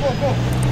过过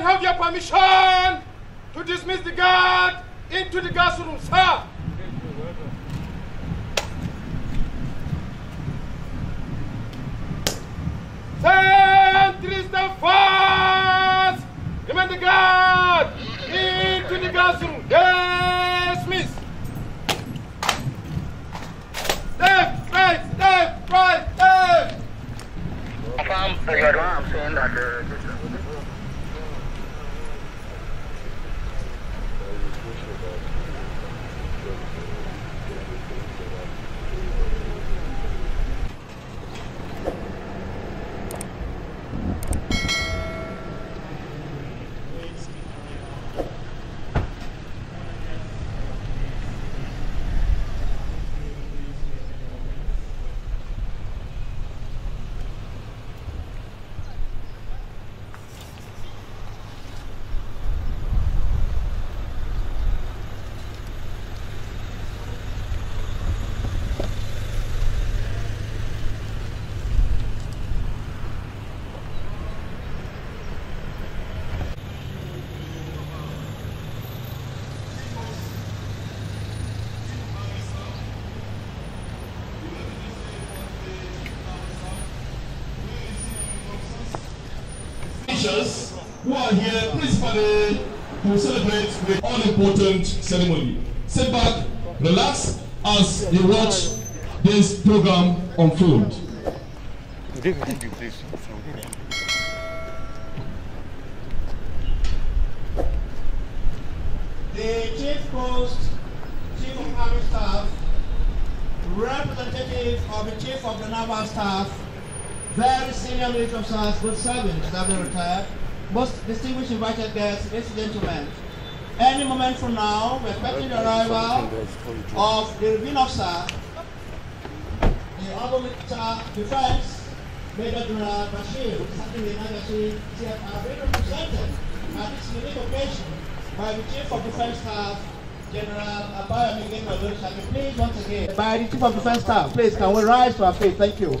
I have your permission to dismiss the guard into the gas room, sir. Sentries stand fast. Remain the guard into the gas room. Yes, miss. Left, right, left, right, left. I'm saying that. teachers who are here principally to celebrate the all-important ceremony. Sit back, relax as you watch this program unfold. The Chief Post, Chief of Army Staff, representative of the Chief of the Naval Staff, very senior military officers, good serving, reserve retired, most distinguished invited guests, ladies and gentlemen. Any moment from now, we're expecting the arrival of the Revenue Officer, the Honorable Minister Defense, Major General Bashir, starting the Nagashi CFR, being represented at this unique occasion by the Chief of Defense Staff, General Abaya Miguel Maduro. Please, once again, by the Chief of Defense Staff, please, can we rise to our feet? Thank you.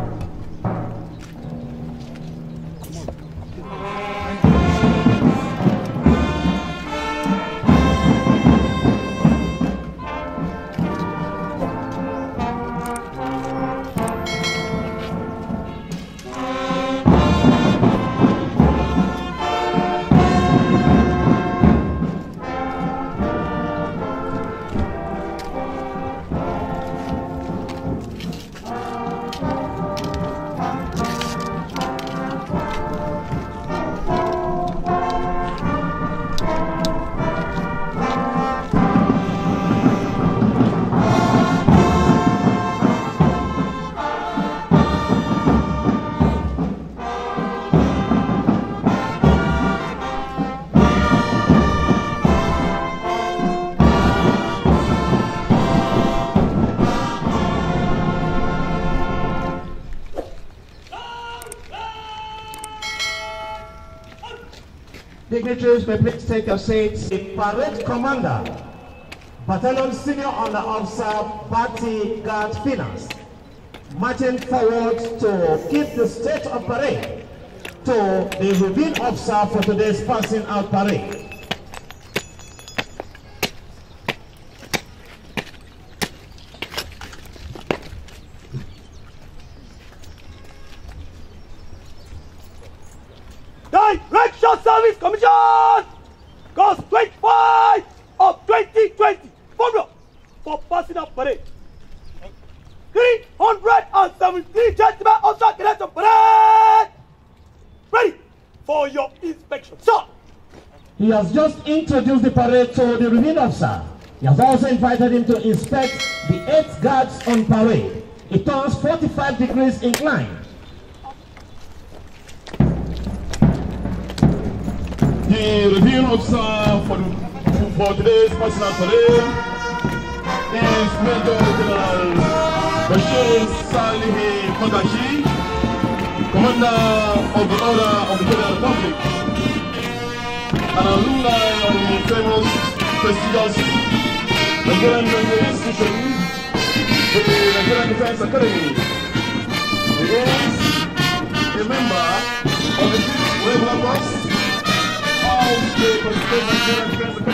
dignitaries may please take your seats. The parade commander, Battalion Senior Under Officer Bati Guard Finance, marching forward to give the state of parade to the reveal officer for today's passing out parade. by National Service Commission Clause 25 of 2020 formula for passing up parade. 373 gentlemen of cadet of parade ready for your inspection. Sir. He has just introduced the parade to the reviewing officer. He has also invited him to inspect the eight guards on parade. It turns 45 degrees inclined. the reviewing officer for, the, for today's personal parade is Major General Bashir Salih Kodashi, Commander of the Order of the Federal Republic, an alumni of the famous, prestigious Nigerian Military Institution, the Nigerian Defense Academy. Yes. Thank you.